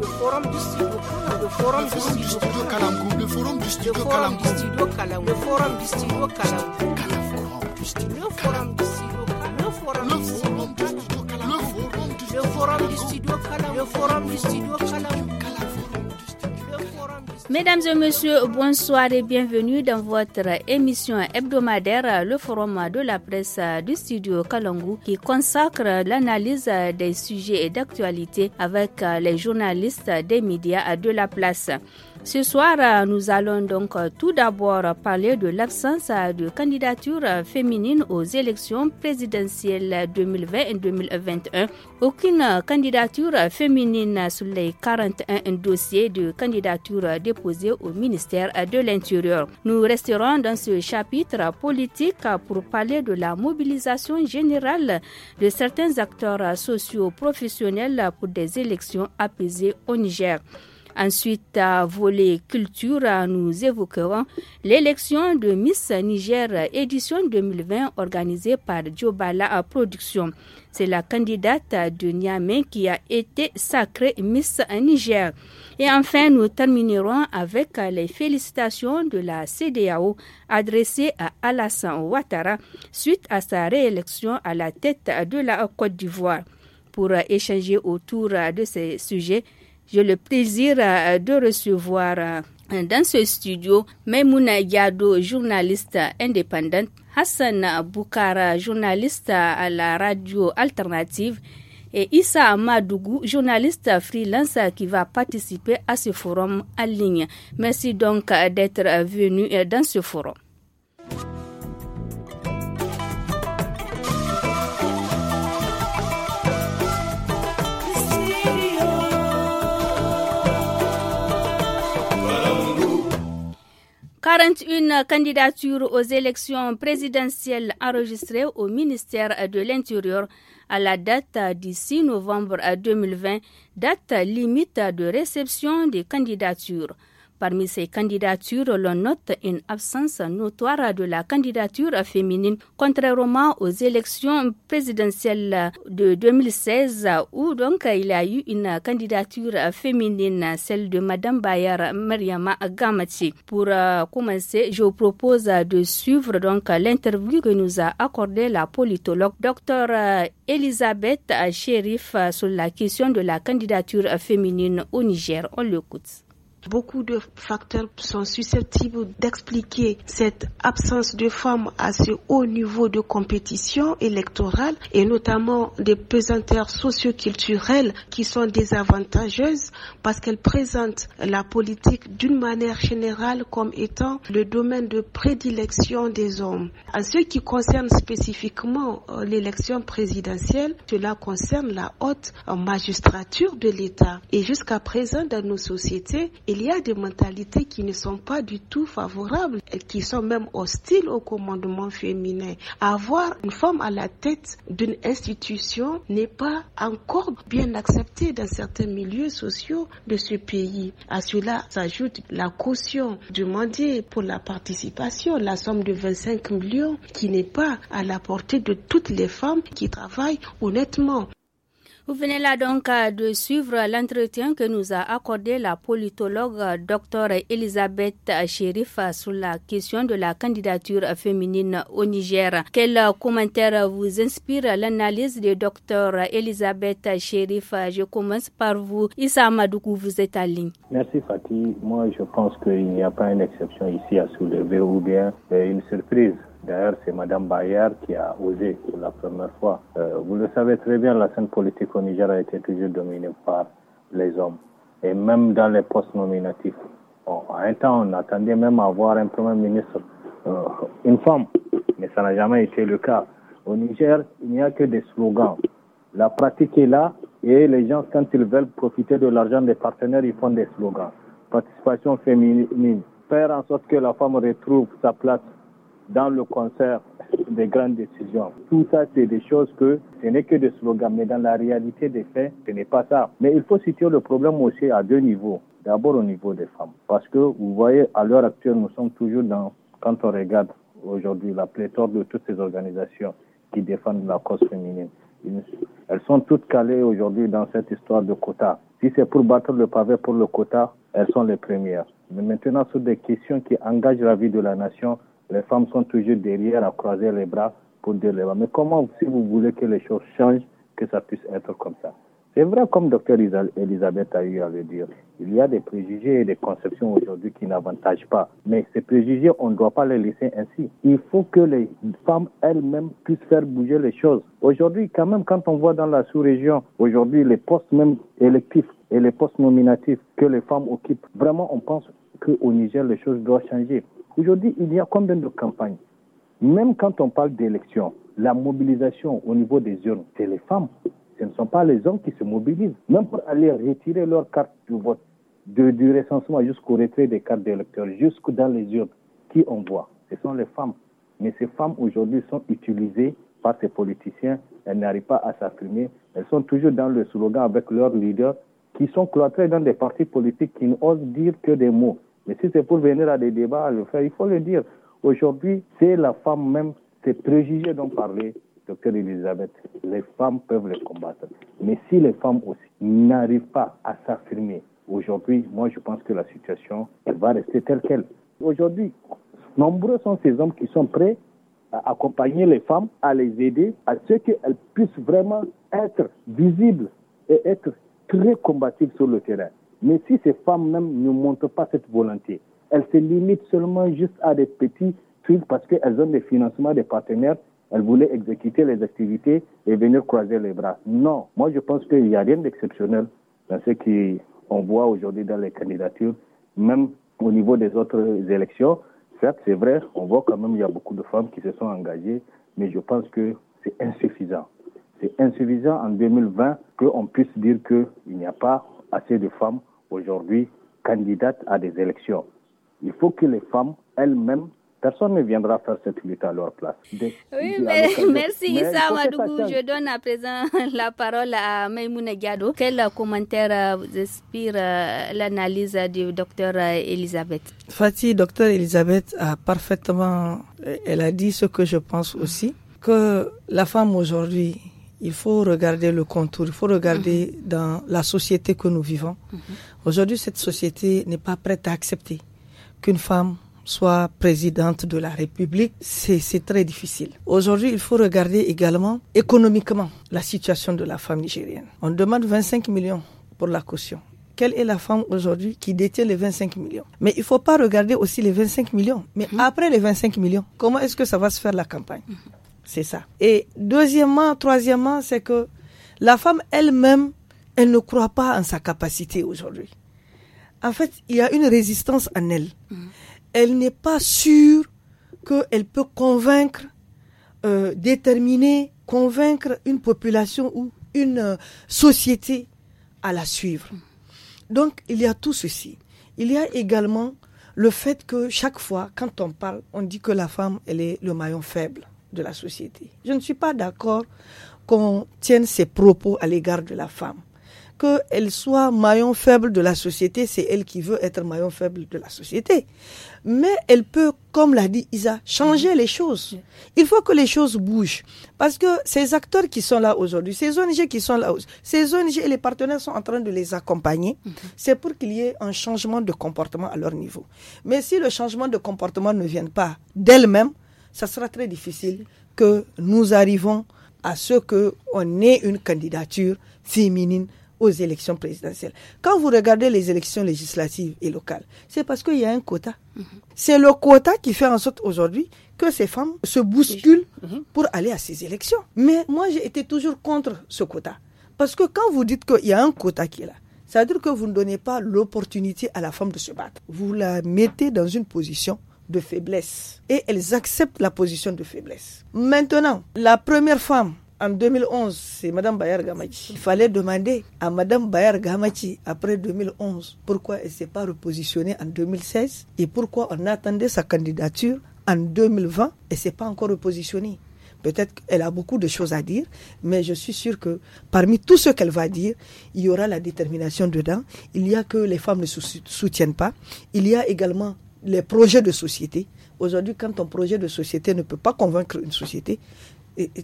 le forum du studio le forum du studio le forum du studio le forum du studio Kalamkou le forum du studio calam, le forum du studio le forum du studio le forum du studio Mesdames et messieurs, bonsoir et bienvenue dans votre émission hebdomadaire, le forum de la presse du studio Kalangu qui consacre l'analyse des sujets et d'actualité avec les journalistes des médias de la place. Ce soir, nous allons donc euh, tout d'abord parler de l'absence euh, de candidature euh, féminine aux élections présidentielles 2020 et 2021. Aucune candidature féminine sur les 41 dossiers de candidature déposés au ministère de l'Intérieur. Nous resterons dans ce chapitre politique pour parler de la mobilisation générale de certains acteurs sociaux professionnels pour des élections apaisées au Niger. Ensuite, à volet culture, nous évoquerons l'élection de Miss Niger édition 2020 organisée par Djobala Production. C'est la candidate de Niamey qui a été sacrée Miss Niger. Et enfin, nous terminerons avec les félicitations de la CDAO adressées à Alassane Ouattara suite à sa réélection à la tête de la Côte d'Ivoire. Pour échanger autour de ces sujets, j'ai le plaisir euh, de recevoir euh, dans ce studio Maimouna Yado, journaliste indépendante, Hassan Boukara, journaliste à la radio alternative, et Issa Amadougou, journaliste freelance qui va participer à ce forum en ligne. Merci donc euh, d'être venu dans ce forum. 41 candidatures aux élections présidentielles enregistrées au ministère de l'Intérieur à la date du 6 novembre 2020, date limite de réception des candidatures. Parmi ces candidatures, l'on note une absence notoire de la candidature féminine, contrairement aux élections présidentielles de 2016 où donc il y a eu une candidature féminine, celle de Madame Bayar Mariama Gamati. Pour euh, commencer, je vous propose de suivre donc l'interview que nous a accordée la politologue Dr. Euh, Elisabeth Sherif sur la question de la candidature féminine au Niger. On l'écoute. Beaucoup de facteurs sont susceptibles d'expliquer cette absence de femmes à ce haut niveau de compétition électorale et notamment des pesanteurs socioculturelles qui sont désavantageuses parce qu'elles présentent la politique d'une manière générale comme étant le domaine de prédilection des hommes. En ce qui concerne spécifiquement euh, l'élection présidentielle, cela concerne la haute magistrature de l'État. Et jusqu'à présent, dans nos sociétés, il y a des mentalités qui ne sont pas du tout favorables et qui sont même hostiles au commandement féminin. Avoir une femme à la tête d'une institution n'est pas encore bien accepté dans certains milieux sociaux de ce pays. À cela s'ajoute la caution demandée pour la participation, la somme de 25 millions qui n'est pas à la portée de toutes les femmes qui travaillent honnêtement. Vous venez là donc euh, de suivre l'entretien que nous a accordé la politologue Dr Elisabeth Chérif euh, sur la question de la candidature féminine au Niger. Quel euh, commentaire vous inspire l'analyse de Dr Elisabeth Chérif Je commence par vous. Issa Madoukou, vous êtes en ligne. Merci Fatih. Moi, je pense qu'il n'y a pas une exception ici à soulever ou bien une surprise. D'ailleurs, c'est Mme Bayer qui a osé pour la première fois. Euh, vous le savez très bien, la scène politique au Niger a été toujours dominée par les hommes. Et même dans les postes nominatifs. à un temps, on attendait même à voir un Premier ministre, euh, une femme. Mais ça n'a jamais été le cas. Au Niger, il n'y a que des slogans. La pratique est là et les gens, quand ils veulent profiter de l'argent des partenaires, ils font des slogans. Participation féminine, faire en sorte que la femme retrouve sa place dans le concert des grandes décisions. Tout ça, c'est des choses que ce n'est que des slogans, mais dans la réalité des faits, ce n'est pas ça. Mais il faut situer le problème aussi à deux niveaux. D'abord au niveau des femmes, parce que vous voyez, à l'heure actuelle, nous sommes toujours dans, quand on regarde aujourd'hui la pléthore de toutes ces organisations qui défendent la cause féminine, elles sont toutes calées aujourd'hui dans cette histoire de quotas. Si c'est pour battre le pavé pour le quota, elles sont les premières. Mais maintenant, sur des questions qui engagent la vie de la nation, les femmes sont toujours derrière à croiser les bras pour dire les Mais comment, si vous voulez que les choses changent, que ça puisse être comme ça C'est vrai, comme docteur Elisabeth a eu à dire, il y a des préjugés et des conceptions aujourd'hui qui n'avantagent pas. Mais ces préjugés, on ne doit pas les laisser ainsi. Il faut que les femmes elles-mêmes puissent faire bouger les choses. Aujourd'hui, quand même, quand on voit dans la sous-région, aujourd'hui, les postes même électifs et les postes nominatifs que les femmes occupent, vraiment, on pense qu'au Niger, les choses doivent changer. Aujourd'hui, il y a combien de campagnes Même quand on parle d'élection, la mobilisation au niveau des urnes, c'est les femmes. Ce ne sont pas les hommes qui se mobilisent. Même pour aller retirer leur carte de vote, du recensement jusqu'au retrait des cartes d'électeurs, jusque dans les urnes, qui on voit Ce sont les femmes. Mais ces femmes aujourd'hui sont utilisées par ces politiciens. Elles n'arrivent pas à s'affirmer. Elles sont toujours dans le slogan avec leurs leaders qui sont cloîtrés dans des partis politiques qui n'osent dire que des mots. Mais si c'est pour venir à des débats, le faire, il faut le dire. Aujourd'hui, c'est la femme même, c'est préjugés dont parler, docteur Elisabeth. Les femmes peuvent les combattre. Mais si les femmes aussi n'arrivent pas à s'affirmer aujourd'hui, moi je pense que la situation, va rester telle qu'elle. Aujourd'hui, nombreux sont ces hommes qui sont prêts à accompagner les femmes, à les aider, à ce qu'elles puissent vraiment être visibles et être très combatives sur le terrain. Mais si ces femmes même ne montrent pas cette volonté, elles se limitent seulement juste à des petits trucs parce qu'elles ont des financements des partenaires, elles voulaient exécuter les activités et venir croiser les bras. Non, moi je pense qu'il n'y a rien d'exceptionnel dans ce qu'on voit aujourd'hui dans les candidatures, même au niveau des autres élections. Certes, c'est vrai, on voit quand même qu'il y a beaucoup de femmes qui se sont engagées, mais je pense que c'est insuffisant. C'est insuffisant en 2020 qu'on puisse dire qu'il n'y a pas assez de femmes aujourd'hui candidate à des élections. Il faut que les femmes elles-mêmes Personne ne viendra faire cette lutte à leur place. oui, merci Issa Madougou, Je donne à présent la parole à Maimouna Gado. Quel commentaire euh, vous inspire euh, l'analyse du docteur euh, Elisabeth Fatih, docteur Elisabeth a parfaitement, elle a dit ce que je pense aussi, que la femme aujourd'hui il faut regarder le contour, il faut regarder dans la société que nous vivons. Mhm. Aujourd'hui, cette société n'est pas prête à accepter qu'une femme soit présidente de la République, c'est très difficile. Aujourd'hui, il faut regarder également économiquement la situation de la femme nigérienne. On demande 25 millions pour la caution. Quelle est la femme aujourd'hui qui détient les 25 millions Mais il ne faut pas regarder aussi les 25 millions. Mais mhm. après les 25 millions, comment est-ce que ça va se faire la campagne mhm. C'est ça. Et deuxièmement, troisièmement, c'est que la femme elle-même, elle ne croit pas en sa capacité aujourd'hui. En fait, il y a une résistance en elle. Mm. Elle n'est pas sûre qu'elle peut convaincre, euh, déterminer, convaincre une population ou une euh, société à la suivre. Mm. Donc, il y a tout ceci. Il y a également le fait que chaque fois, quand on parle, on dit que la femme, elle est le maillon faible de la société. Je ne suis pas d'accord qu'on tienne ces propos à l'égard de la femme. Qu'elle soit maillon faible de la société, c'est elle qui veut être maillon faible de la société. Mais elle peut, comme l'a dit Isa, changer les choses. Il faut que les choses bougent. Parce que ces acteurs qui sont là aujourd'hui, ces ONG qui sont là, ces ONG et les partenaires sont en train de les accompagner. Mhm. C'est pour qu'il y ait un changement de comportement à leur niveau. Mais si le changement de comportement ne vient pas d'elle-même, ça sera très difficile que nous arrivons à ce qu'on ait une candidature féminine aux élections présidentielles. Quand vous regardez les élections législatives et locales, c'est parce qu'il y a un quota. Mhm. C'est le quota qui fait en sorte aujourd'hui que ces femmes se bousculent mhm. Mhm. pour aller à ces élections. Mais moi, j'ai été toujours contre ce quota. Parce que quand vous dites qu'il y a un quota qui est là, ça veut dire que vous ne donnez pas l'opportunité à la femme de se battre. Vous la mettez dans une position de faiblesse et elles acceptent la position de faiblesse. Maintenant, la première femme en 2011, c'est Madame Bayar Gamachi. Il fallait demander à Madame Bayar Gamachi après 2011 pourquoi elle s'est pas repositionnée en 2016 et pourquoi on attendait sa candidature en 2020 et s'est pas encore repositionnée. Peut-être qu'elle a beaucoup de choses à dire, mais je suis sûr que parmi tout ce qu'elle va dire, il y aura la détermination dedans. Il y a que les femmes ne se soutiennent pas. Il y a également les projets de société. Aujourd'hui, quand ton projet de société ne peut pas convaincre une société,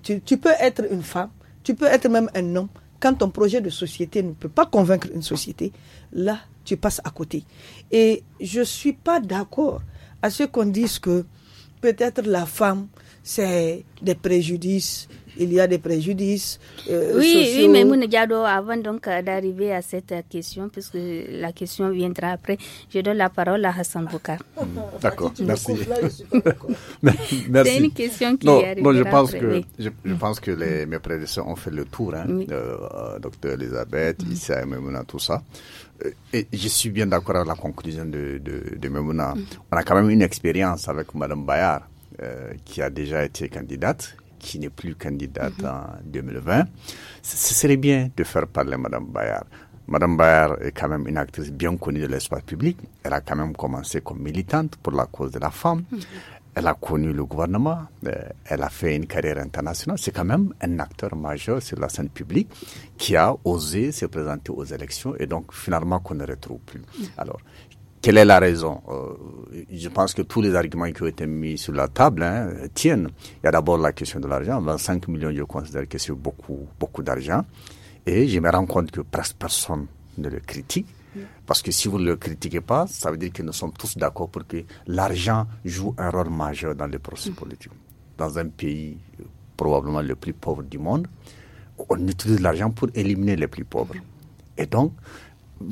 tu, tu, peux être une femme, tu peux être même un homme. Quand ton projet de société ne peut pas convaincre une société, là, tu passes à côté. Et je ne suis pas d'accord à ce qu'on dise que peut-être la femme, c'est des préjudices, il y a des préjudices. Euh, oui, oui, mais avant donc euh, d'arriver à cette euh, question, puisque la question viendra après, je donne la parole à Hassan Boukar. Hmm. D'accord, merci. C'est une question qui non, non je pense que je, pense que les, mes prédécesseurs ont fait le tour, hein, docteur Elisabeth, hmm. Issa et Memouna, tout ça. Et je suis bien d'accord avec la conclusion de, de, Memouna. Hmm. On a quand même une expérience avec Madame Bayard, qui a déjà été candidate, qui n'est plus candidate mhm. en 2020, ce serait bien de faire parler Mme Bayard. Madame Bayard est quand même une actrice bien connue de l'espace public. Elle a quand même commencé comme militante pour la cause de la femme. Mhm. Elle a connu le gouvernement. Euh, elle a fait une carrière internationale. C'est quand même un acteur majeur sur la scène publique qui a osé se présenter aux élections et donc finalement qu'on ne retrouve plus. Mhm. Alors, quelle est la raison euh, Je pense que tous les arguments qui ont été mis sur la table hein, tiennent. Il y a d'abord la question de l'argent. 25 millions, je considère que c'est beaucoup, beaucoup d'argent. Et je me rends compte que presque personne ne le critique. Parce que si vous ne le critiquez pas, ça veut dire que nous sommes tous d'accord pour que l'argent joue un rôle majeur dans les processus mm. politiques. Dans un pays probablement le plus pauvre du monde, on utilise l'argent pour éliminer les plus pauvres. Mm. Et donc,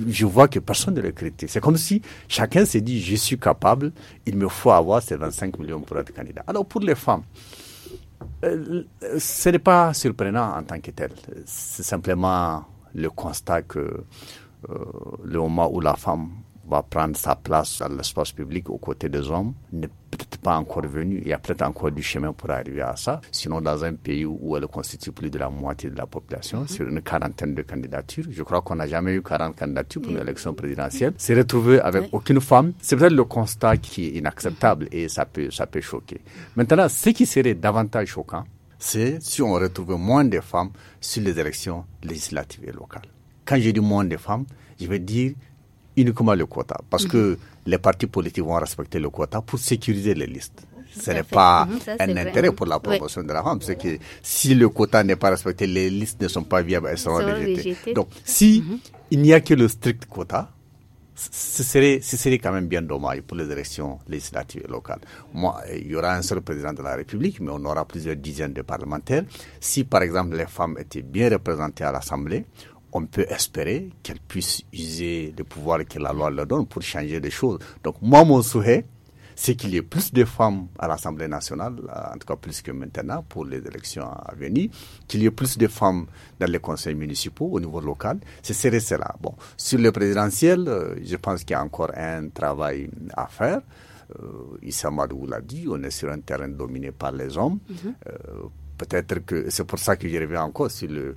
je vois que personne ne le critique. C'est comme si chacun s'est dit, je suis capable, il me faut avoir ces 25 millions pour être candidat. Alors pour les femmes, euh, euh, ce n'est pas surprenant en tant que tel. C'est simplement le constat que euh, le moment où la femme va prendre sa place dans l'espace public aux côtés des hommes n'est peut-être pas encore venu. Il y a peut-être encore du chemin pour arriver à ça. Sinon, dans un pays où elle constitue plus de la moitié de la population, mhm. sur une quarantaine de candidatures, je crois qu'on n'a jamais eu 40 candidatures pour une élection présidentielle, s'est retrouver avec aucune femme, c'est peut-être le constat qui est inacceptable mhm. et ça peut, ça peut choquer. Maintenant, ce qui serait davantage choquant, c'est si on retrouvait moins de femmes sur les élections législatives et locales. Quand je dis moins de femmes, je veux dire uniquement le quota. Parce mhm. que les partis politiques vont respecter le quota pour sécuriser les listes. Ce n'est pas mhm, un intérêt pour la promotion de la femme. C'est que si le quota n'est pas respecté, les listes ne sont pas viables, elles seront rejetées. Donc, si mhm. il n'y a que le strict quota, ce serait, ce serait quand même bien dommage pour les élections législatives locales. Moi, il y aura un seul président de la République, mais on aura plusieurs dizaines de parlementaires. Si, par exemple, les femmes étaient bien représentées à l'Assemblée, on peut espérer qu'elle puisse user le pouvoir que la loi leur donne pour changer des choses. Donc moi, mon souhait, c'est qu'il y ait plus de femmes à l'Assemblée nationale, euh, en tout cas plus que maintenant pour les élections à venir, qu'il y ait plus de femmes dans les conseils municipaux au niveau local. c'est serait cela. Bon, sur le présidentiel, euh, je pense qu'il y a encore un travail à faire. Euh, Issa l'a dit, on est sur un terrain dominé par les hommes. Mhm. Peut-être que c'est pour ça que je reviens encore sur le,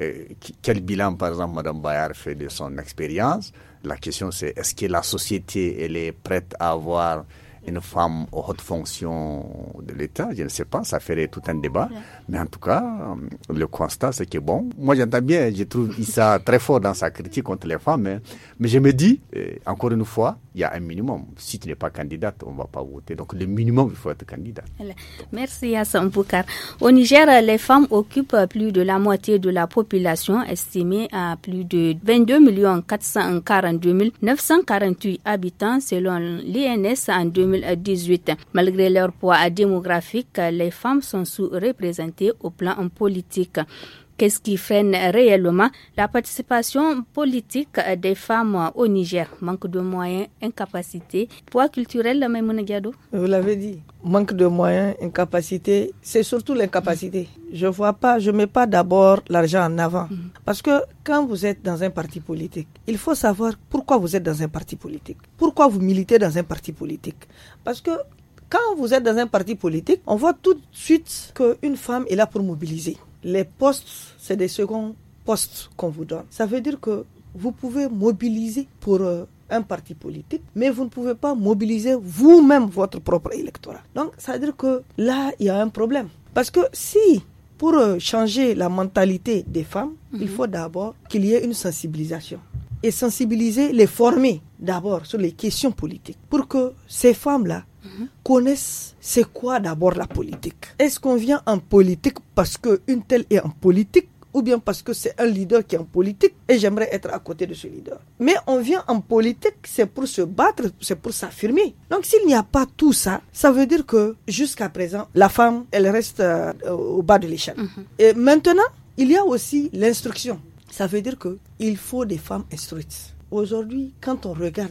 euh, quel bilan, par exemple, Mme Bayard fait de son expérience La question, c'est est-ce que la société, elle est prête à avoir une femme aux hautes fonctions de l'État, je ne sais pas, ça ferait tout un débat. Mais en tout cas, le constat, c'est que bon, moi j'entends bien, je trouve Issa très fort dans sa critique contre les femmes, hein. mais je me dis, euh, encore une fois, il y a un minimum. Si tu n'es pas candidate, on ne va pas voter. Donc le minimum, il faut être candidate. Merci Hassan Boukar. Au Niger, les femmes occupent plus de la moitié de la population, estimée à plus de 22 442 948 habitants selon l'INS en 2018. Malgré leur poids démographique, les femmes sont sous-représentées au plan politique. Qu'est-ce qui freine réellement la participation politique des femmes au Niger Manque de moyens, incapacité, poids culturel, même Gado Vous l'avez dit, manque de moyens, incapacité, c'est surtout l'incapacité. Je vois pas, je mets pas d'abord l'argent en avant. Mhm. Parce que quand vous êtes dans un parti politique, il faut savoir pourquoi vous êtes dans un parti politique. Pourquoi vous militez dans un parti politique. Parce que quand vous êtes dans un parti politique, on voit tout de suite qu'une femme est là pour mobiliser les postes, c'est des seconds postes qu'on vous donne. Ça veut dire que vous pouvez mobiliser pour euh, un parti politique, mais vous ne pouvez pas mobiliser vous-même votre propre électorat. Donc, ça veut dire que là, il y a un problème. Parce que si, pour euh, changer la mentalité des femmes, il mhm. faut d'abord qu'il y ait une sensibilisation. Et sensibiliser, les former d'abord sur les questions politiques, pour que ces femmes-là connaissent c'est quoi d'abord la politique. Est-ce qu'on vient en politique parce qu'une telle est en politique ou bien parce que c'est un leader qui est en politique et j'aimerais être à côté de ce leader. Mais on vient en politique, c'est pour se battre, c'est pour s'affirmer. Donc s'il n'y a pas tout ça, ça veut dire que jusqu'à présent, la femme, elle reste euh, au bas de l'échelle. Mhm. Et maintenant, il y a aussi l'instruction. Ça veut dire que il faut des femmes instruites. Aujourd'hui, quand on regarde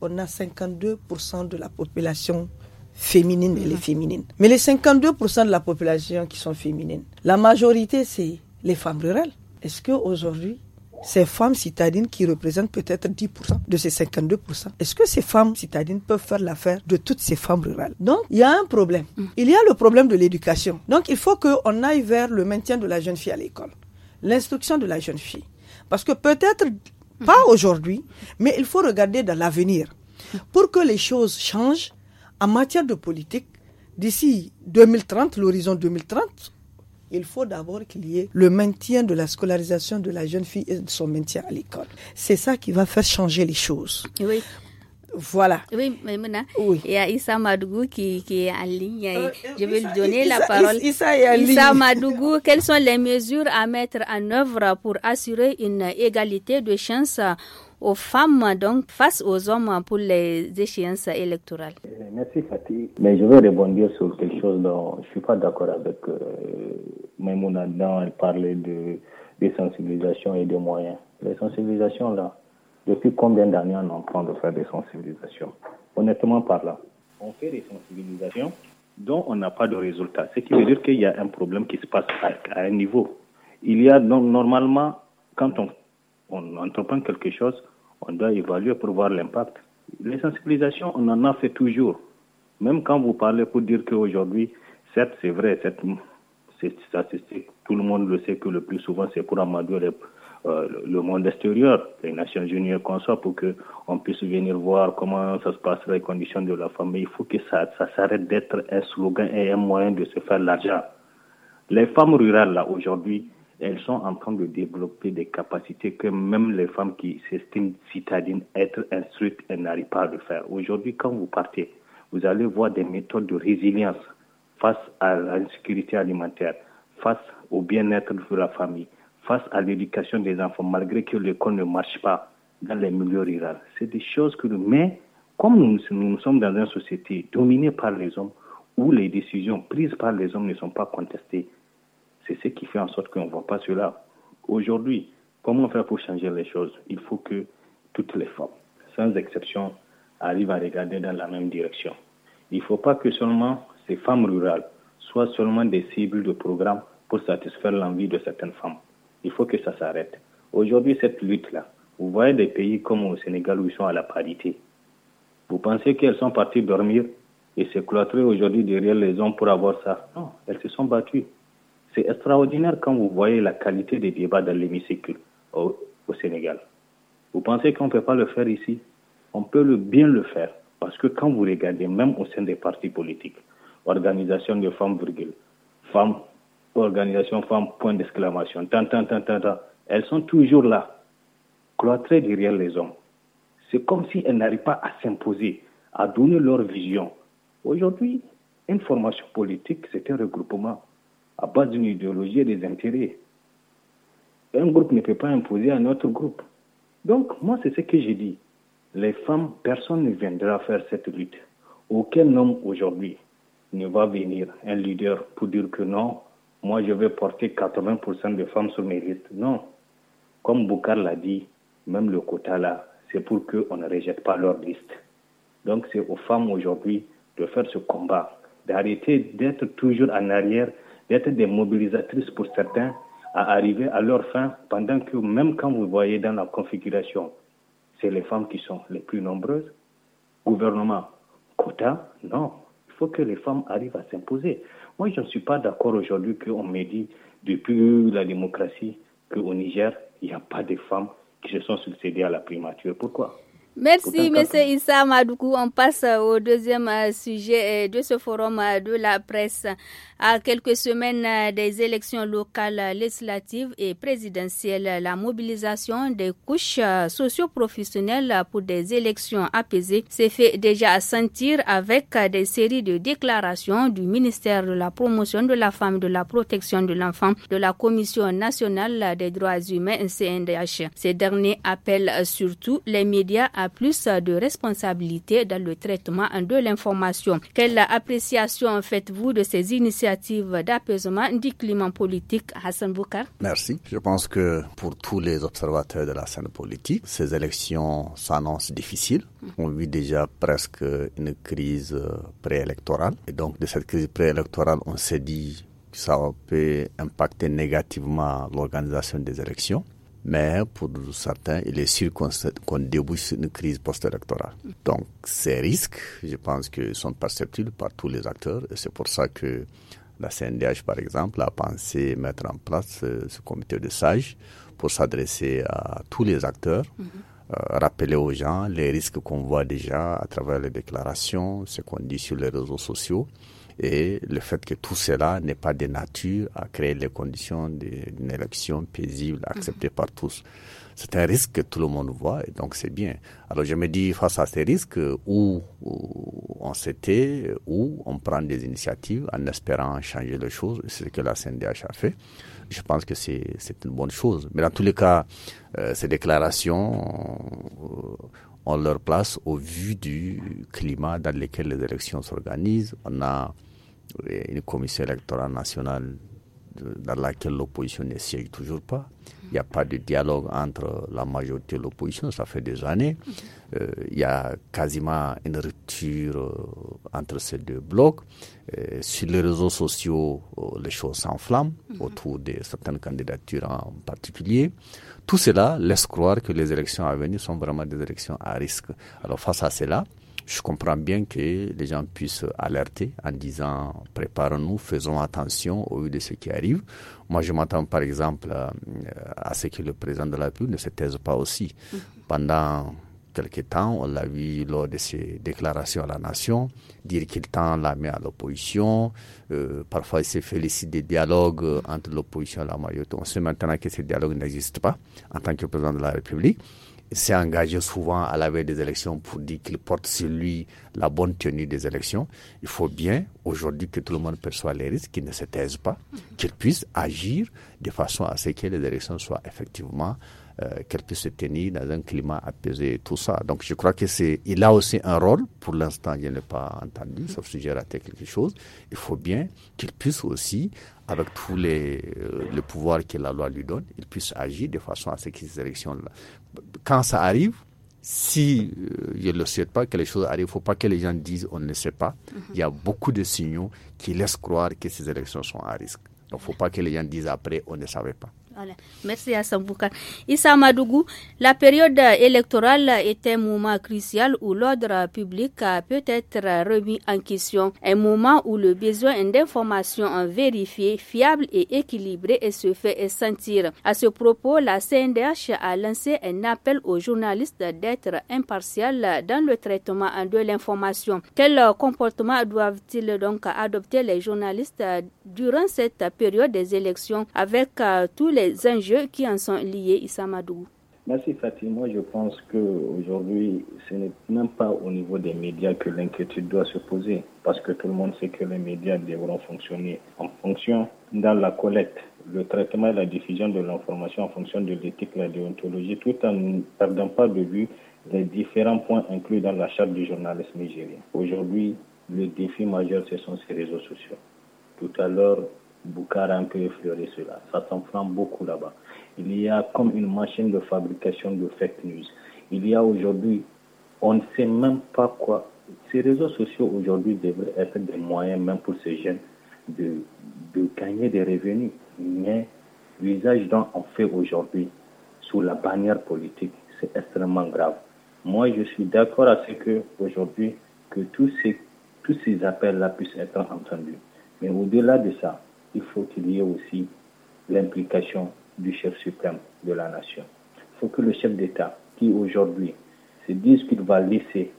on a 52% de la population féminine, et les féminines. Mais les 52% de la population qui sont féminines, la majorité, c'est les femmes rurales. Est-ce qu'aujourd'hui, ces femmes citadines qui représentent peut-être 10% de ces 52%. Est-ce que ces femmes citadines peuvent faire l'affaire de toutes ces femmes rurales Donc, il y a un problème. Mm. Il y a le problème de l'éducation. Donc, il faut qu'on aille vers le maintien de la jeune fille à l'école, l'instruction de la jeune fille. Parce que peut-être pas aujourd'hui, mais il faut regarder dans l'avenir. Pour que les choses changent, en matière de politique, d'ici 2030, l'horizon 2030, il faut d'abord qu'il y ait le maintien de la scolarisation de la jeune fille et de son maintien à l'école. C'est ça qui va faire changer les choses. Voilà. Oui, Maimouna. Il y a Issa Madougou qui, est en ligne. Euh, euh, je vais lui donner la parole. Issa, Madougou, quelles sont les mesures à mettre en œuvre pour assurer une égalité de chance aux femmes donc face aux hommes pour les échéances électorales. Euh, merci Fatih, mais je veux rebondir sur quelque chose dont je suis pas d'accord avec euh, Maimouna elle parlait de, sensibilisation et de moyens. Les sensibilisations là, depuis combien d'années on est en train de faire des sensibilisations Honnêtement parlant, on fait des sensibilisations dont on n'a pas de résultat. Ce qui veut dire qu'il y a un problème qui se passe à, un niveau. Il y a donc normalement, quand on, on entreprend quelque chose, on doit évaluer pour voir l'impact. Les sensibilisations, on en a fait toujours. Même quand vous parlez pour dire qu'aujourd'hui, certes, c'est vrai, cette statistique, tout le monde le sait que le plus souvent, c'est pour amadouer euh, le monde extérieur, les Nations Unies qu'on pour que on puisse venir voir comment ça se passe, les conditions de la famille. Il faut que ça, ça s'arrête d'être un slogan et un moyen de se faire l'argent. Les femmes rurales, là, aujourd'hui, elles sont en train de développer des capacités que même les femmes qui s'estiment citadines, être instruites, elles n'arrivent pas à le faire. Aujourd'hui, quand vous partez, vous allez voir des méthodes de résilience face à l'insécurité alimentaire, face au bien-être de la famille, face à l'éducation des enfants, malgré que l'école ne marche pas dans les milieux ruraux. C'est des choses que nous... Mais comme nous, nous sommes dans une société dominée par les hommes, où les décisions prises par les hommes ne sont pas contestées, c'est ce qui fait en sorte qu'on ne voit pas cela. Aujourd'hui, comment faire pour changer les choses Il faut que toutes les femmes, sans exception, arrivent à regarder dans la même direction. Il ne faut pas que seulement ces femmes rurales soient seulement des cibles de programmes pour satisfaire l'envie de certaines femmes. Il faut que ça s'arrête. Aujourd'hui, cette lutte-là, vous voyez des pays comme au Sénégal où ils sont à la parité. Vous pensez qu'elles sont parties dormir et se cloîtrer aujourd'hui derrière les hommes pour avoir ça Non, elles se sont battues. C'est extraordinaire quand vous voyez la qualité des débats dans l'hémicycle au, Sénégal. Vous pensez qu'on ne peut pas le faire ici On peut le, bien le faire. Parce que quand vous regardez, même au sein des partis politiques, organisation de femmes, virgule, femmes organisation femmes, point d'exclamation, tant, tant, tant, tant, Elles sont toujours là, cloîtrées derrière les hommes. C'est comme si elles n'arrivent pas à s'imposer, à donner leur vision. Aujourd'hui, une formation politique, c'est un regroupement à base d'une idéologie et des intérêts. Un groupe ne peut pas imposer à un autre groupe. Donc, moi, c'est ce que j'ai dit. Les femmes, personne ne viendra faire cette lutte. Aucun homme aujourd'hui ne va venir, un leader, pour dire que non, moi je veux porter 80% de femmes sur mes listes. Non. Comme Boukar l'a dit, même le quota là, c'est pour qu'on ne rejette pas leur liste. Donc c'est aux femmes aujourd'hui de faire ce combat, d'arrêter d'être toujours en arrière, d'être des mobilisatrices pour certains, à arriver à leur fin, pendant que même quand vous voyez dans la configuration, c'est les femmes qui sont les plus nombreuses. Gouvernement, quota, non. Il faut que les femmes arrivent à s'imposer. Moi, je ne suis pas d'accord aujourd'hui qu'on me dit, depuis la démocratie, qu'au Niger, il n'y a pas de femmes qui se sont succédées à la primature. Pourquoi Merci, M. Issa Madoukou. On passe au deuxième euh, sujet euh, de ce forum euh, de la presse. À quelques semaines des élections locales, législatives et présidentielles, la mobilisation des couches socioprofessionnelles pour des élections apaisées s'est fait déjà sentir avec des séries de déclarations du ministère de la Promotion de la Femme, de la Protection de l'Enfant, de la Commission nationale des droits humains, CNDH. Ces derniers appellent surtout les médias à plus de responsabilité dans le traitement de l'information. Quelle appréciation faites-vous de ces initiatives d'apaisement du climat politique, Hassan Boukar Merci. Je pense que pour tous les observateurs de la scène politique, ces élections s'annoncent difficiles. Mm. On vit déjà presque une crise euh, préélectorale. Et donc, de cette crise préélectorale, on s'est dit que ça peut impacter négativement l'organisation des élections mais pour certains, il est sûr qu'on débouche une crise post-électorale. Donc ces risques, je pense qu'ils sont perceptibles par tous les acteurs et c'est pour ça que la CNDH, par exemple, a pensé mettre en place euh, ce comité de sages pour s'adresser à tous les acteurs, mhm. euh, rappeler aux gens les risques qu'on voit déjà à travers les déclarations, ce qu'on dit sur les réseaux sociaux, et le fait que tout cela n'est pas de nature à créer les conditions d'une élection paisible mhm. acceptée par tous. C'est un risque que tout le monde voit et donc c'est bien. Alors je me dis face à ces risques, où, on s'était, où on prend des initiatives en espérant changer les choses, c'est ce que la CNDH a fait. Je pense que c'est une bonne chose. Mais dans tous les cas, euh, ces déclarations euh, ont leur place au vu du climat dans lequel les élections s'organisent. On a une commission électorale nationale dans laquelle l'opposition ne siège toujours pas. Il n'y a pas de dialogue entre la majorité et l'opposition, ça fait des années. Euh, il y a quasiment une rupture euh, entre ces deux blocs. Euh, sur les réseaux sociaux, les choses s'enflamment mhm. autour de certaines candidatures en particulier. Tout cela laisse croire que les élections à venir sont vraiment des élections à risque. Alors face à cela, je comprends bien que les gens puissent alerter en disant prépare nous faisons attention au vu de ce qui arrive. Moi, je m'attends par exemple euh, à, ce que le président de la République ne se taise pas aussi. Mm-hmm. Pendant quelques temps, on l'a vu lors de ses déclarations à la nation, dire qu'il tend la main à l'opposition. Euh, parfois, il se félicite des dialogues euh, entre l'opposition et la majorité. On sait maintenant que ces dialogues n'existent pas en tant que président de la République s'est engagé souvent à la veille des élections pour dire qu'il porte sur lui la bonne tenue des élections. Il faut bien aujourd'hui que tout le monde perçoive les risques, qu'il ne se taise pas, qu'il puisse agir de façon à ce que les élections soient effectivement euh, qu'elles puissent se tenir dans un climat apaisé et tout ça. Donc je crois que c'est, il a aussi un rôle. Pour l'instant, je ne pas entendu, sauf si j'ai raté quelque chose. Il faut bien qu'il puisse aussi, avec tous les, euh, le pouvoir que la loi lui donne, il puisse agir de façon à ce que ces élections quand ça arrive, si euh, je ne le souhaite pas que les choses arrivent, il ne faut pas que les gens disent on ne sait pas. Mhm. Il y a beaucoup de signaux qui laissent croire que ces élections sont à risque. il ne faut pas que les gens disent après on ne savait pas. Merci à Samboukar. Issa Madougou, la période électorale est un moment crucial où l'ordre public peut être remis en question. Un moment où le besoin d'informations vérifiées, fiables et équilibrées se fait sentir. À ce propos, la CNDH a lancé un appel aux journalistes d'être impartial dans le traitement de l'information. Quel comportement doivent-ils donc adopter les journalistes durant cette période des élections avec euh, tous les les enjeux qui en sont liés, Isamadou. Merci Fatih. Moi, je pense qu'aujourd'hui, ce n'est même pas au niveau des médias que l'inquiétude doit se poser, parce que tout le monde sait que les médias devront fonctionner en fonction dans la collecte, le traitement et la diffusion de l'information en fonction de l'éthique, la déontologie, tout en ne perdant pas de vue les différents points inclus dans la charte du journalisme nigérien. Aujourd'hui, le défi majeur, ce sont ces réseaux sociaux. Tout à l'heure, un peu effleuré cela. Ça s'enflamme beaucoup là-bas. Il y a comme une machine de fabrication de fake news. Il y a aujourd'hui, on ne sait même pas quoi. Ces réseaux sociaux aujourd'hui devraient être des moyens, même pour ces jeunes, de, de gagner des revenus. Mais l'usage dont on fait aujourd'hui, sous la bannière politique, c'est extrêmement grave. Moi, je suis d'accord à ce que aujourd'hui, que tous ces, tous ces appels-là puissent être entendus. Mais au-delà de ça, il faut qu'il y ait aussi l'implication du chef suprême de la nation. Il faut que le chef d'État, qui aujourd'hui se dise qu'il va laisser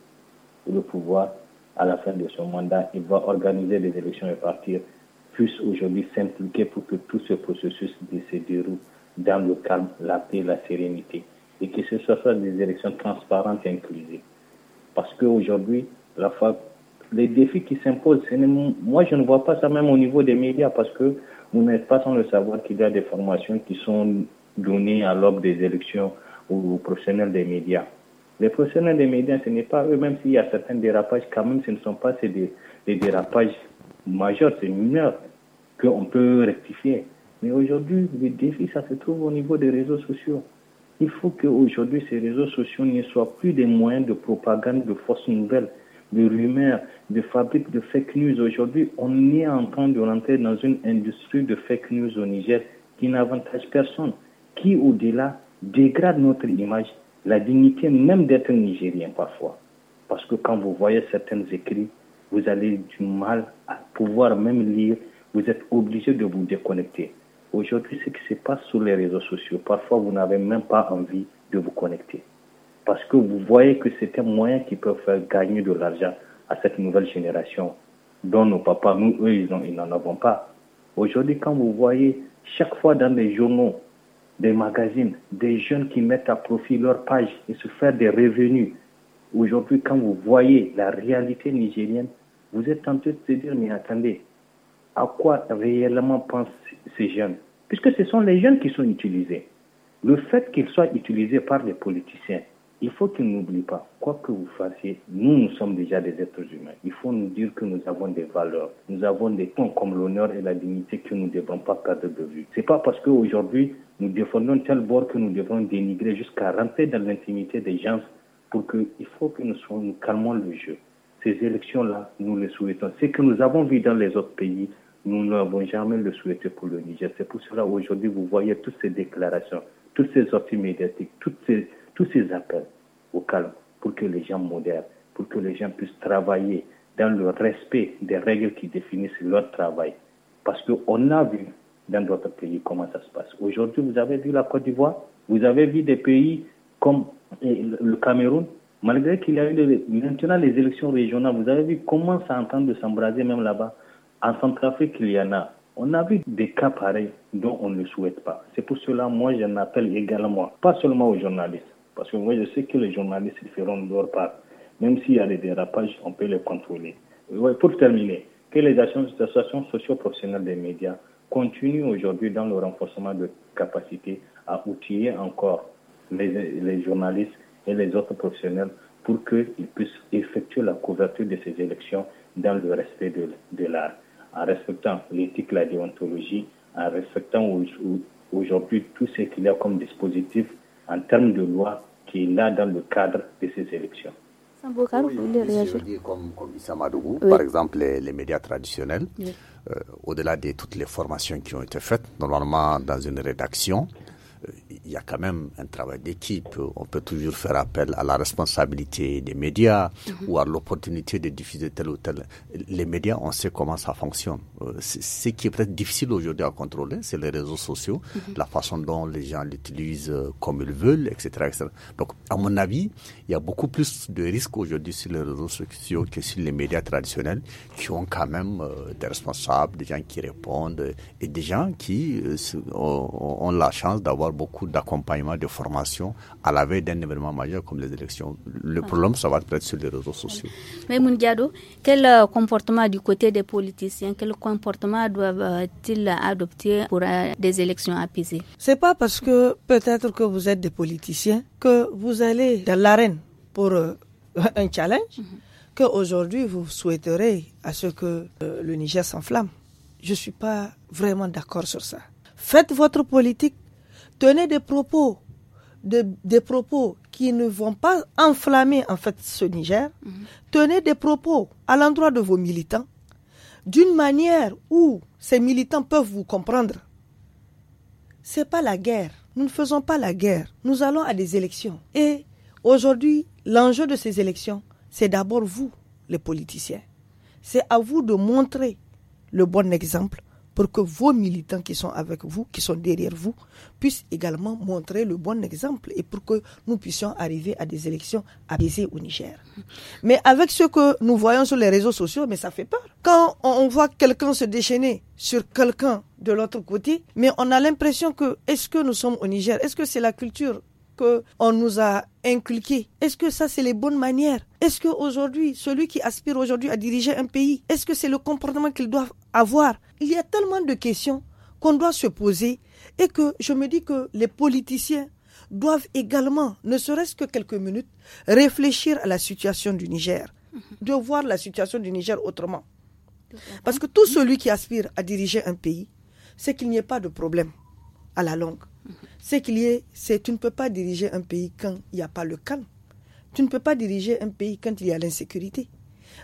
le pouvoir à la fin de son mandat, il va organiser des élections et partir, puisse aujourd'hui s'impliquer pour que tout ce processus se déroule dans le calme, la paix, la sérénité, et que ce soit des élections transparentes et inclusives. Parce qu'aujourd'hui, la fois les défis qui s'imposent, moi je ne vois pas ça même au niveau des médias parce que vous n'êtes pas sans le savoir qu'il y a des formations qui sont données à l'ordre des élections aux professionnels des médias. Les professionnels des médias, ce n'est pas eux, même s'il y a certains dérapages, quand même ce ne sont pas des dérapages majeurs, c'est mineur, qu'on peut rectifier. Mais aujourd'hui, le défi, ça se trouve au niveau des réseaux sociaux. Il faut qu'aujourd'hui, ces réseaux sociaux ne soient plus des moyens de propagande de fausses nouvelles de rumeurs, de fabriques de fake news. Aujourd'hui, on est en train de rentrer dans une industrie de fake news au Niger qui n'avantage personne, qui au-delà dégrade notre image, la dignité même d'être nigérien parfois. Parce que quand vous voyez certains écrits, vous avez du mal à pouvoir même lire, vous êtes obligé de vous déconnecter. Aujourd'hui, ce qui se passe sur les réseaux sociaux, parfois vous n'avez même pas envie de vous connecter parce que vous voyez que c'est un moyen qui peut faire gagner de l'argent à cette nouvelle génération dont nos papas, nous, eux, ils, n'en avons pas. Aujourd'hui, quand vous voyez chaque fois dans les journaux, des magazines, des jeunes qui mettent à profit leur page et se faire des revenus. Aujourd'hui, quand vous voyez la réalité nigérienne, vous êtes tenté de se dire, mais attendez, à quoi réellement pensent ces jeunes Puisque ce sont les jeunes qui sont utilisés. Le fait qu'ils soient utilisés par les politiciens, il faut qu'ils n'oublient pas, quoi que vous fassiez, nous, nous sommes déjà des êtres humains. Il faut nous dire que nous avons des valeurs. Nous avons des points comme l'honneur et la dignité que nous ne devons pas perdre de vue. C'est pas parce qu'aujourd'hui, nous défendons tel bord que nous devons dénigrer jusqu'à rentrer dans l'intimité des gens pour que, il faut que nous, soyons, calmons le jeu. Ces élections-là, nous les souhaitons. Ce que nous avons vu dans les autres pays, nous n'avons jamais le souhaité pour le Niger. C'est pour cela aujourd'hui, vous voyez toutes ces déclarations, toutes ces sorties médiatiques, toutes ces tous ces appels au calme pour que les gens modèrent, pour que les gens puissent travailler dans le respect des règles qui définissent leur travail. Parce qu'on a vu dans d'autres pays comment ça se passe. Aujourd'hui, vous avez vu la Côte d'Ivoire, vous avez vu des pays comme le Cameroun, malgré qu'il y a eu maintenant les élections régionales, vous avez vu comment ça entend de s'embraser même là-bas. En Centrafrique, il y en a. On a vu des cas pareils dont on ne souhaite pas. C'est pour cela, moi, j'en appelle également, pas seulement aux journalistes, parce que moi, je sais que les journalistes feront leur part. Même s'il y a des dérapages, on peut les contrôler. pour terminer, que les associations socio-professionnelles des médias continuent aujourd'hui dans le renforcement de capacités à outiller encore les, journalistes et les autres professionnels pour qu'ils puissent effectuer la couverture de ces élections dans le respect de, de l'art, en respectant l'éthique, la déontologie, en respectant aujourd'hui tout ce qu'il y a comme dispositif en termes de loi qu'il a dans le cadre de ces élections. Comme, comme par exemple, les, médias traditionnels, euh, au-delà de toutes les formations qui ont été faites, normalement dans une rédaction, il y a quand même un travail d'équipe. On peut toujours faire appel à la responsabilité des médias mhm. ou à l'opportunité de diffuser tel ou tel. Les médias, on sait comment ça fonctionne. Euh, ce qui est peut-être difficile aujourd'hui à contrôler, c'est les réseaux sociaux, mhm. la façon dont les gens l'utilisent euh, comme ils veulent, etc., Donc, à mon avis, il y a beaucoup plus de risques aujourd'hui sur les réseaux sociaux que sur les médias traditionnels qui ont quand même euh, des responsables, des gens qui répondent et des gens qui ont, la chance d'avoir beaucoup de d'accompagnement, de formation à la veille d'un événement majeur comme les élections. Le ah. problème, ça va être sur les réseaux sociaux. Mais Moungado, quel euh, comportement du côté des politiciens, quel comportement doivent-ils euh, adopter pour euh, des élections apaisées C'est pas parce que peut-être que vous êtes des politiciens que vous allez dans l'arène pour un challenge mhm. qu'aujourd'hui vous souhaiterez à ce que le Niger s'enflamme. Je ne suis pas vraiment d'accord sur ça. Faites votre politique tenez des propos, des propos qui ne vont pas enflammer en fait ce Niger, mhm. tenez des propos à l'endroit de vos militants d'une manière où ces militants peuvent vous comprendre. C'est pas la guerre. Nous ne faisons pas la guerre. Nous allons à des élections. Et aujourd'hui, l'enjeu de ces élections, c'est d'abord vous, les politiciens. C'est à vous de montrer le bon exemple pour que vos militants qui sont avec vous, qui sont derrière vous, puissent également montrer le bon exemple et pour que nous puissions arriver à des élections apaisées au Niger. Mais avec ce que nous voyons sur les réseaux sociaux, mais ça fait peur. Quand on voit quelqu'un se déchaîner sur quelqu'un de l'autre côté, mais on a l'impression que est-ce que nous sommes au Niger Est-ce que c'est la culture que on nous a inculquée Est-ce que ça, c'est les bonnes manières Est-ce aujourd'hui, celui qui aspire aujourd'hui à diriger un pays, est-ce que c'est le comportement qu'il doit il y a tellement de questions qu'on doit se poser et que je me dis que les politiciens doivent également, ne serait-ce que quelques minutes, réfléchir à la situation du Niger, mhm. de voir la situation du Niger autrement. Parce que tout celui qui aspire à diriger un pays, c'est qu'il n'y ait pas de problème à la longue. Mhm. C'est qu'il y ait, c'est tu ne peux pas diriger un pays quand il n'y a pas le calme. Tu ne peux pas diriger un pays quand il y a l'insécurité.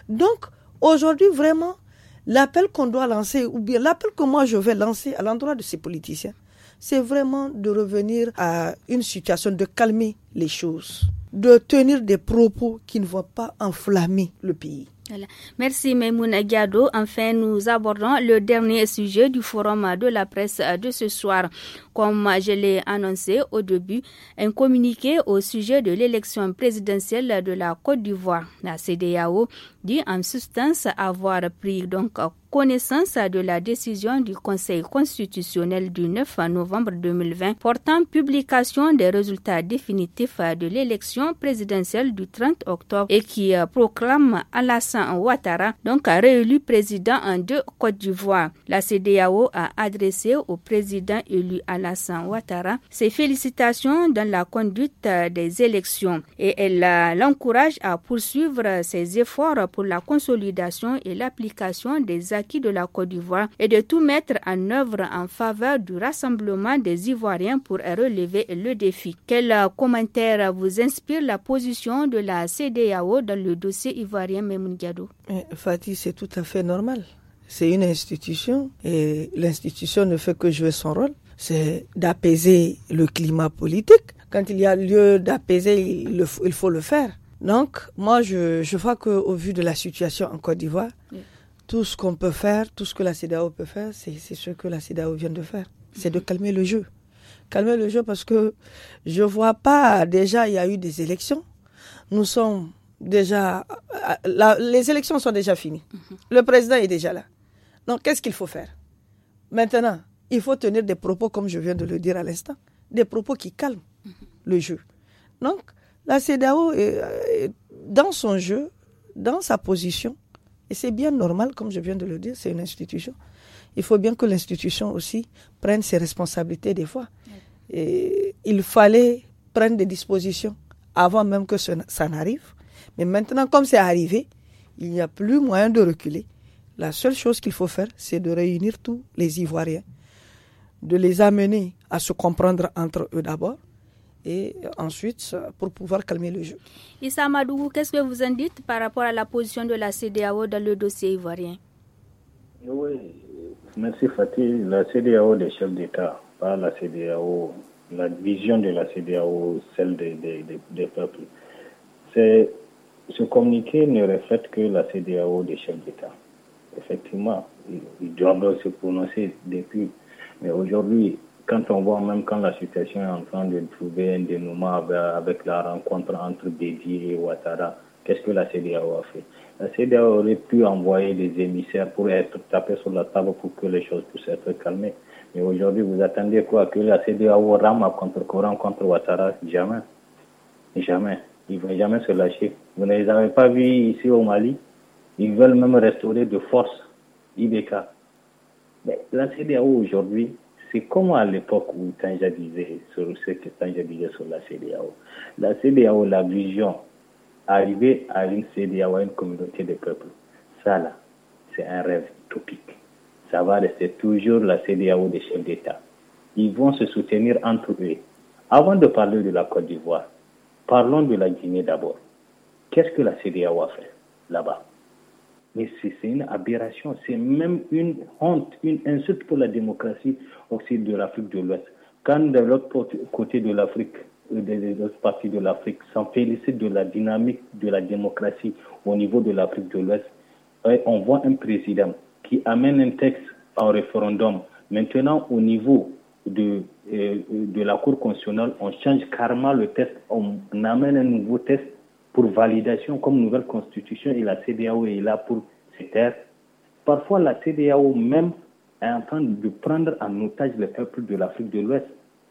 Donc, aujourd'hui, vraiment, L'appel qu'on doit lancer, ou bien l'appel que moi je vais lancer à l'endroit de ces politiciens, c'est vraiment de revenir à une situation, de calmer les choses, de tenir des propos qui ne vont pas enflammer le pays. Merci Maimoun Agado. Enfin, nous abordons le dernier sujet du forum de la presse de ce soir. Comme je l'ai annoncé au début, un communiqué au sujet de l'élection présidentielle de la Côte d'Ivoire. La CDAO dit en substance avoir pris donc connaissance de la décision du Conseil constitutionnel du 9 novembre 2020 portant publication des résultats définitifs de l'élection présidentielle du 30 octobre et qui euh, proclame Alassane Ouattara, donc réélu président en deux Côte d'Ivoire. La CDAO a adressé au président élu Alassane Ouattara ses félicitations dans la conduite euh, des élections et elle euh, l'encourage à poursuivre ses efforts pour la consolidation et l'application des actions de la Côte d'Ivoire et de tout mettre en œuvre en faveur du rassemblement des Ivoiriens pour relever le défi. Quel commentaire vous inspire la position de la CDAO dans le dossier ivoirien Memoun eh, Fatih, c'est tout à fait normal. C'est une institution et l'institution ne fait que jouer son rôle. C'est d'apaiser le climat politique. Quand il y a lieu d'apaiser, il, faut le faire. Donc, moi, je, je vois qu'au vu de la situation en Côte d'Ivoire, tout ce qu'on peut faire, tout ce que la CEDAO peut faire, c'est ce que la CEDAO vient de faire. C'est de mhm. calmer le jeu. Calmer le jeu parce que je vois pas, déjà, il y a eu des élections. Nous sommes déjà, les élections sont déjà finies. Mhm. Le président est déjà là. Donc, qu'est-ce qu'il faut faire? Maintenant, il faut tenir des propos, comme je viens de le dire à l'instant, des propos qui calment mhm. le jeu. Donc, la CEDAO, est dans son jeu, dans sa position, et c'est bien normal, comme je viens de le dire, c'est une institution. Il faut bien que l'institution aussi prenne ses responsabilités des fois. Et il fallait prendre des dispositions avant même que ça n'arrive. Mais maintenant, comme c'est arrivé, il n'y a plus moyen de reculer. La seule chose qu'il faut faire, c'est de réunir tous les Ivoiriens, de les amener à se comprendre entre eux d'abord, et ensuite pour pouvoir calmer le jeu. Issa qu'est-ce que vous en dites par rapport à la position de la CDAO dans le dossier ivoirien Oui, merci Fatih. La CDAO des chefs d'État, pas la CDAO, la vision de la CDAO, celle des, des, des, peuples. C'est, ce communiqué ne reflète que la CDAO des chefs d'État. Effectivement, il doit doivent se prononcer depuis. Mais aujourd'hui, quand on voit même quand la situation est en train de trouver un dénouement avec, la rencontre entre Dédié et Ouattara, qu'est-ce que la CDAO a fait La CDAO aurait pu envoyer des émissaires pour être tapés sur la table pour que les choses puissent être calmées. Mais aujourd'hui, vous attendez quoi Que la CDAO rame contre Coran, contre Ouattara Jamais. Jamais. Ils ne vont jamais se lâcher. Vous ne les avez pas vus ici au Mali Ils veulent même restaurer de force IBK. Mais la CDAO aujourd'hui, c'est comme à l'époque où Tanja disait sur ce que Tanja disait sur la CDAO. La CDAO, la vision, arriver à une CDAO, à une communauté de peuples, ça là, c'est un rêve topique. Ça va rester toujours la CDAO des chefs d'État. Ils vont se soutenir entre eux. Avant de parler de la Côte d'Ivoire, parlons de la Guinée d'abord. Qu'est-ce que la CDAO a fait là-bas mais c'est une aberration, c'est même une honte, une insulte pour la démocratie occidentale de l'Afrique de l'Ouest. Quand de l'autre côté de l'Afrique, euh, des autres parties de l'Afrique s'en félicite de la dynamique de la démocratie au niveau de l'Afrique de l'Ouest, on voit un président qui amène un texte en référendum. Maintenant, au niveau de, euh, de la Cour constitutionnelle, on change carrément le texte, on amène un nouveau texte pour validation comme nouvelle constitution et la CDAO est là pour se taire. Parfois, la CDAO même est en train de prendre en otage le peuple de l'Afrique de l'Ouest.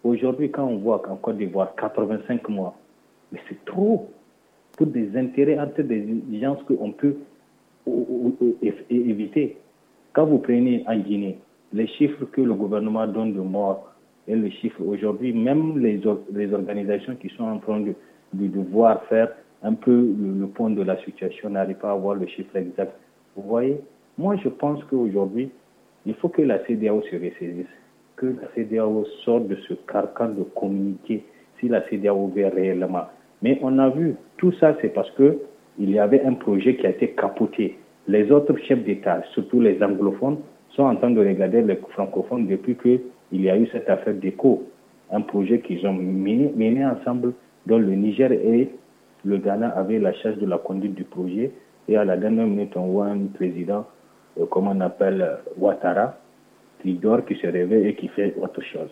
Aujourd'hui, quand on voit qu'en Côte d'Ivoire, 85 mois, mais c'est trop pour des intérêts entre des gens qu'on peut éviter. Quand vous prenez en Guinée, les chiffres que le gouvernement donne de mort et les chiffres aujourd'hui, même les, organisations qui sont en train de devoir faire un peu le, point de la situation, n'arrive pas à voir le chiffre exact. Vous voyez, moi je pense qu'aujourd'hui, il faut que la CDAO se ressaisisse, que la CDAO sorte de ce carcan de communiquer si la CDAO veut réellement. Mais on a vu, tout ça c'est parce que il y avait un projet qui a été capoté. Les autres chefs d'État, surtout les anglophones, sont en train de regarder les francophones depuis qu'il y a eu cette affaire d'écho, un projet qu'ils ont mené, ensemble, dans le Niger et le Ghana avait la charge de la conduite du projet et à la dernière minute, on voit un président, euh, comme on appelle euh, Ouattara, qui dort, qui se réveille et qui fait autre chose.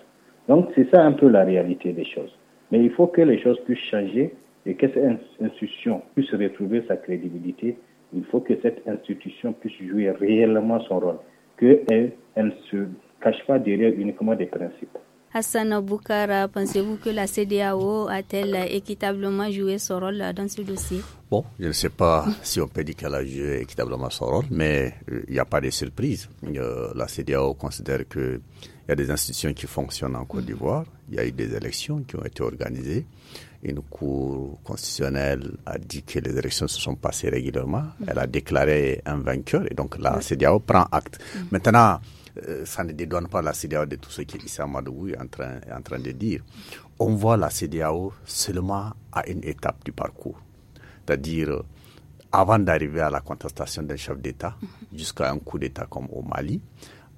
Donc c'est ça un peu la réalité des choses. Mais il faut que les choses puissent changer et que cette institution puisse retrouver sa crédibilité. Il faut que cette institution puisse jouer réellement son rôle, qu'elle ne se cache pas derrière uniquement des principes. Hassan Boukara, pensez-vous que la CDAO a-t-elle équitablement joué son rôle dans ce dossier Bon, je ne sais pas si on peut dire qu'elle a joué équitablement son rôle, mais euh, il n'y a pas de surprise. Euh, la CDAO considère qu'il y a des institutions qui fonctionnent en Côte d'Ivoire. Il y a eu des élections qui ont été organisées une cour constitutionnelle a dit que les élections se sont passées régulièrement. Elle a déclaré un vainqueur et donc la mmh. CDAO prend acte. Maintenant, euh, ça ne dédouane pas la CDAO de tout ce qui est en train, est en train de dire. On voit la CDAO seulement à une étape du parcours. C'est-à-dire, avant d'arriver à la contestation d'un chef d'État, jusqu'à un coup d'État comme au Mali,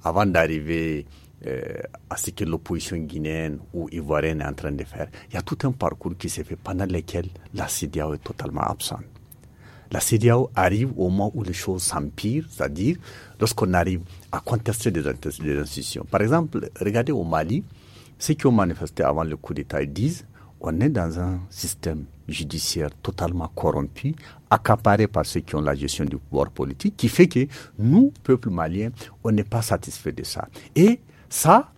avant d'arriver euh, à ce que l'opposition guinéenne ou ivoirienne est en train de faire. Il y a tout un parcours qui s'est fait pendant lequel la CDAO est totalement absente. La CDAO arrive au moment où les choses s'empirent, c'est-à-dire lorsqu'on arrive à contester des institutions. Par exemple, regardez au Mali, ceux qui ont manifesté avant le coup d'État disent on est dans un système judiciaire totalement corrompu, accaparé par ceux qui ont la gestion du pouvoir politique, qui fait que nous, peuple malien, on n'est pas satisfait de ça. Et ça,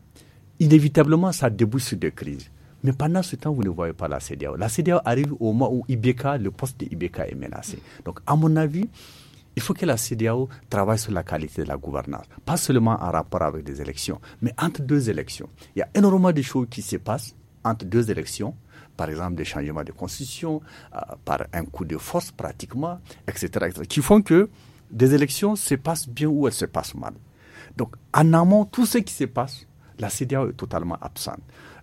inévitablement, ça débouche sur des crises. Mais pendant ce temps, vous ne voyez pas la CDAO. La CDAO arrive au moment où Ibeka, le poste de Ibeka est menacé. Donc, à mon avis, il faut que la CDAO travaille sur la qualité de la gouvernance, pas seulement en rapport avec des élections, mais entre deux élections. Il y a énormément de choses qui se passent entre deux élections, par exemple des changements de constitution, euh, par un coup de force pratiquement, etc., etc., qui font que des élections se passent bien ou elles se passent mal. Donc, en amont, tout ce qui se passe, la CDAO est totalement absente.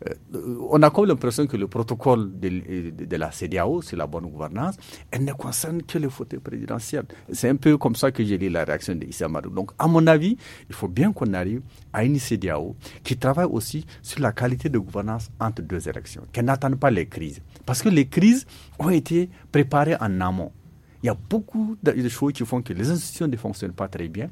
Euh, on a comme l'impression que le protocole de, la CDAO c'est la bonne gouvernance. Elle ne concerne que les fauteuils présidentiels. C'est un peu comme ça que j'ai lu la réaction d'Issa Donc, à mon avis, il faut bien qu'on arrive à une CDAO qui travaille aussi sur la qualité de gouvernance entre deux élections, qu'elle n'attende pas les crises. Parce que les crises ont été préparées en amont. Il y a beaucoup de choses qui font que les institutions ne fonctionnent pas très bien.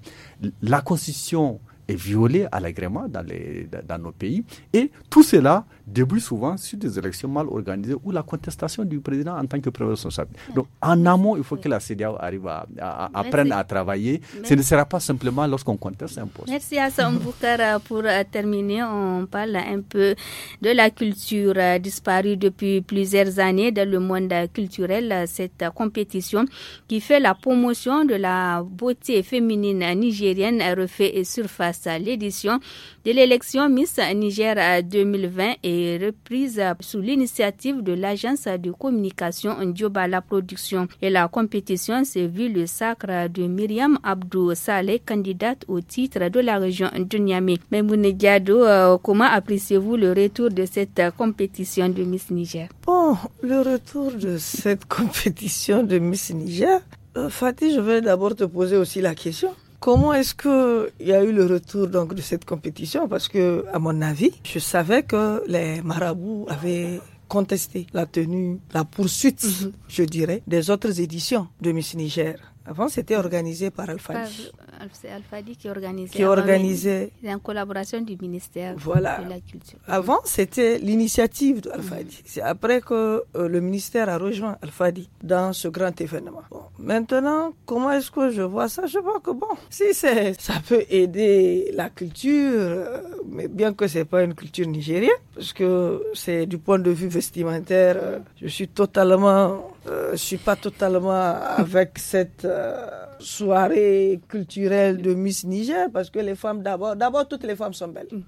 La Constitution est violée à l'agrément dans, dans nos pays. Et tout cela débute souvent sur des élections mal organisées ou la contestation du président en tant que président responsable. Donc, en amont, il faut que la CDAO arrive à, apprendre à travailler. Ce ne sera pas simplement lorsqu'on conteste un poste. Merci à Boukara pour euh, terminer. On parle un peu de la culture euh, disparue depuis plusieurs années dans le monde culturel. Cette compétition qui fait la promotion de la beauté féminine nigérienne refait et surface l'édition de l'élection Miss Niger 2020 euh, et reprise sous l'initiative de l'agence de communication la Production. Et la compétition s'est vue le sacre de Myriam Abdou Saleh, candidate au titre de la région de Niamey. Mme Diado, euh, comment appréciez-vous le retour de cette compétition de Miss Niger Bon, le retour de cette compétition de Miss Niger, euh, Fatih, je vais d'abord te poser aussi la question. Comment est-ce que il y a eu le retour donc de cette compétition Parce que, à mon avis, je savais que les marabouts avaient contesté la tenue, la poursuite, mhm. je dirais, des autres éditions de Miss Niger. Avant, c'était organisé par Alphadi. C'est Alfadi qui organisait. Qui organisait. En collaboration du ministère de la Culture. Avant, c'était l'initiative d'Alfadi. Mmh. C'est après que euh, le ministère a rejoint Alphadi dans ce grand événement. Bon. Maintenant, comment est-ce que je vois ça Je vois que bon, si c'est, ça peut aider la culture, euh, mais bien que c'est pas une culture nigérienne, parce que c'est du point de vue vestimentaire, euh, je suis totalement je euh, je suis pas totalement avec cette euh, soirée culturelle de Miss Niger parce que les femmes d'abord, d'abord toutes les femmes sont belles. Mm.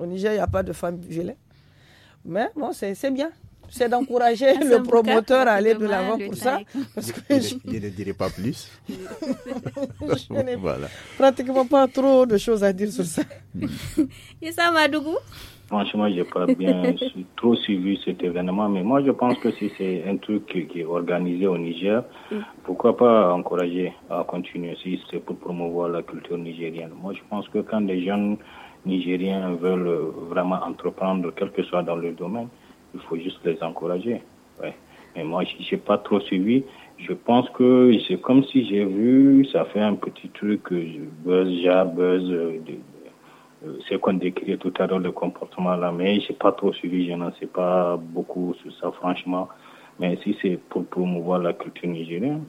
Au Niger, il n'y a pas de femmes violentes. Mais bon, c'est bien. C'est d'encourager ah, le promoteur à aller de l'avant pour ça. Parce je, ne dirai pas plus. je voilà. pratiquement pas trop de choses à dire sur ça. Et ça, Madougou Franchement, j'ai pas bien trop suivi cet événement, mais moi je pense que si c'est un truc qui, est organisé au Niger, mm. pourquoi pas encourager à continuer si c'est pour promouvoir la culture nigérienne. Moi je pense que quand des jeunes Nigériens veulent vraiment entreprendre, quel que soit dans le domaine, il faut juste les encourager. Ouais. Mais moi j'ai pas trop suivi. Je pense que c'est comme si j'ai vu, ça fait un petit truc euh, buzz, ja, buzz euh, euh, ce qu'on décrit tout à l'heure, le comportement là, mais je n'ai pas trop suivi, je n'en sais pas beaucoup sur ça, franchement. Mais si c'est pour promouvoir la culture nigérienne,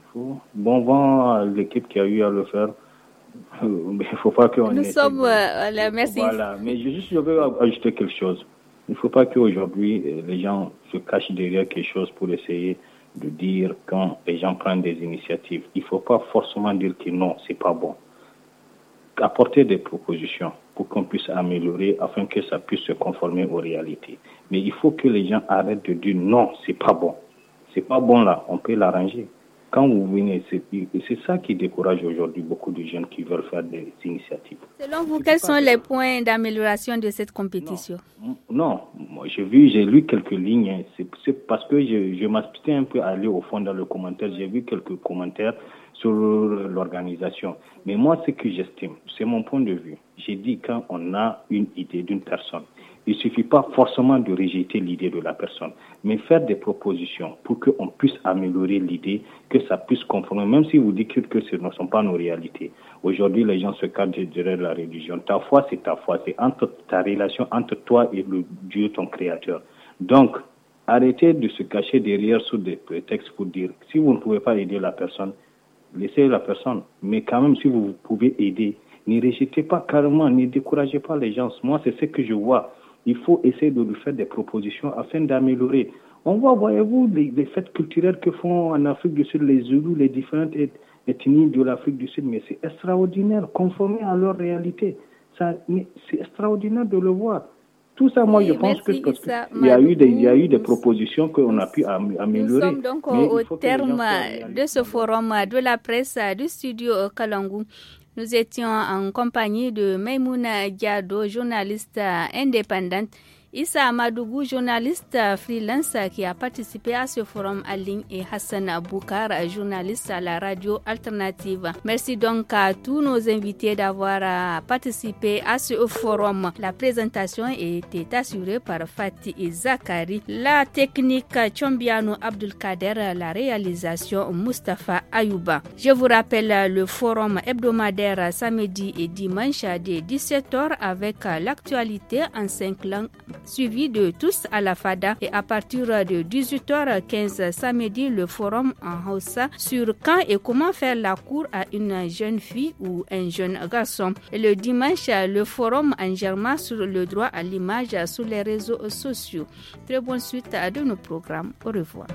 bon vent à l'équipe qui a eu à le faire. Mais il faut pas qu'on. Nous sommes. Euh, à la merci. Voilà, mais je, juste, veux ajouter quelque chose. Il ne faut pas qu'aujourd'hui, euh, les gens se cachent derrière quelque chose pour essayer de dire quand les gens prennent des initiatives. Il ne faut pas forcément dire que non, c'est pas bon apporter des propositions pour qu'on puisse améliorer afin que ça puisse se conformer aux réalités. Mais il faut que les gens arrêtent de dire non, c'est pas bon. C'est pas bon là, on peut l'arranger. Quand vous venez, c'est ça qui décourage aujourd'hui beaucoup de jeunes qui veulent faire des initiatives. Selon vous, quels sont les points d'amélioration de cette compétition Non, moi j'ai vu, j'ai lu quelques lignes. C'est parce que je, je m'aspirais un peu à aller au fond dans le commentaire. J'ai vu quelques commentaires sur l'organisation. Mais moi, ce que j'estime, c'est mon point de vue. J'ai dit quand on a une idée d'une personne, il ne suffit pas forcément de rejeter l'idée de la personne, mais faire des propositions pour qu'on puisse améliorer l'idée, que ça puisse conformer, même si vous dites que ce ne sont pas nos réalités. Aujourd'hui, les gens se cadrent derrière la religion. Ta foi, c'est ta foi, c'est entre ta relation entre toi et le Dieu, ton Créateur. Donc, arrêtez de se cacher derrière sous des prétextes pour dire, si vous ne pouvez pas aider la personne, laissez la personne. Mais quand même, si vous pouvez aider, ne rejetez pas carrément, ne découragez pas les gens. Moi, c'est ce que je vois. Il faut essayer de lui faire des propositions afin d'améliorer. On voit, voyez-vous, les, fêtes culturelles que font en Afrique du Sud les Zoulous, les différentes ethnies de l'Afrique du Sud, mais c'est extraordinaire, conformé à leur réalité. C'est extraordinaire de le voir. Tout ça, moi, je pense que, il, y a eu des, il y a eu des propositions qu'on a pu améliorer. Nous sommes donc au terme de ce forum de la presse du studio Kalangu. Nous étions en compagnie de Maimouna Diado, journaliste indépendante. Issa Madougou, journaliste freelance qui a participé à ce forum en ligne et Hassan boukar journaliste à la radio alternative. Merci donc à tous nos invités d'avoir euh, participé à ce forum. La présentation était assurée par Fatih Zakari, la technique Chombiano Abdulkader, la réalisation Mustafa Ayouba. Je vous rappelle le forum hebdomadaire samedi et dimanche à 17h avec l'actualité en cinq langues suivi de tous à la FADA et à partir de 18h15 samedi le forum en Hausa sur quand et comment faire la cour à une jeune fille ou un jeune garçon. Et Le dimanche, le forum en germain sur le droit à l'image sur les réseaux sociaux. Très bonne suite à de nos programmes. Au revoir.